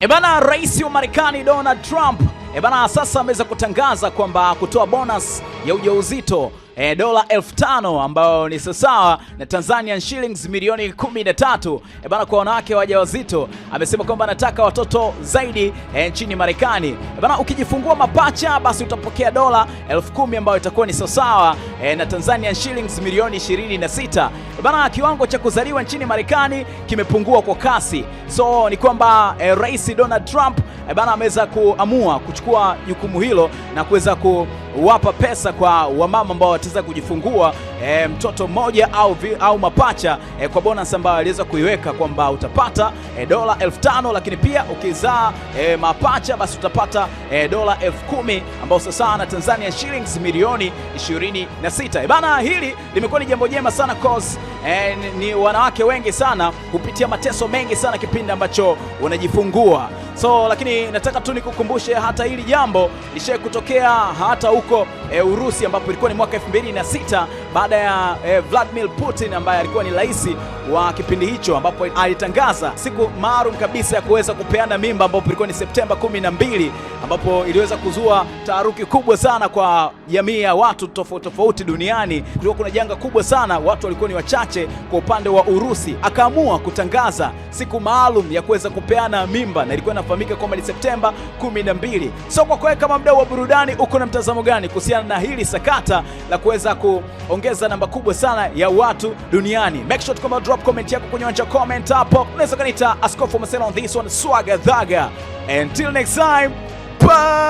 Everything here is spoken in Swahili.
Ebana, rais wa Marekani Donald Trump ebana sasa ameweza kutangaza kwamba kutoa bonus ya ujauzito e, dola elfu tano ambayo ni sawa na Tanzanian shillings milioni tatu E, bana kwa wanawake wajawazito amesema kwamba anataka watoto zaidi e, nchini Marekani. E, bana ukijifungua mapacha basi utapokea dola elfu kumi ambayo itakuwa ni sawa e, na Tanzanian shillings milioni sita E, bana kiwango cha kuzaliwa nchini Marekani kimepungua kwa kasi, so ni kwamba e, Rais Donald Trump e, bana ameweza kuamua kuchukua jukumu hilo na kuweza ku kuwapa pesa kwa wamama ambao wataweza kujifungua e, mtoto mmoja au, au mapacha e, kwa bonus ambayo aliweza kuiweka kwamba utapata e, dola elfu tano lakini pia ukizaa e, mapacha basi utapata e, dola elfu kumi ambao sasa na Tanzania shillings milioni 26. Bana, hili limekuwa ni jambo jema sana cause e, ni wanawake wengi sana hupitia mateso mengi sana kipindi ambacho wanajifungua So lakini nataka tu nikukumbushe hata hili jambo lishaye kutokea hata huko e, Urusi ambapo ilikuwa ni mwaka 2006 baada ya eh, Vladimir Putin ambaye alikuwa ni rais wa kipindi hicho, ambapo alitangaza siku maalum kabisa ya kuweza kupeana mimba, ambapo ilikuwa ni Septemba 12, na mbili, ambapo iliweza kuzua taharuki kubwa sana kwa jamii ya watu tofauti tofauti duniani. Kulikuwa kuna janga kubwa sana, watu walikuwa ni wachache. Kwa upande wa Urusi, akaamua kutangaza siku maalum ya kuweza kupeana mimba, na ilikuwa inafahamika kwamba ni Septemba 12. mbili. So kwa kweli, kama mdau wa burudani, uko na mtazamo gani kuhusiana na hili sakata la kuweza ku kuongeza namba kubwa sana ya watu duniani. Make sure tukoma drop comment yako kwenye wanja comment hapo, unaweza kanita Askofu Masela on this one, swaga dhaga. Until next time, bye.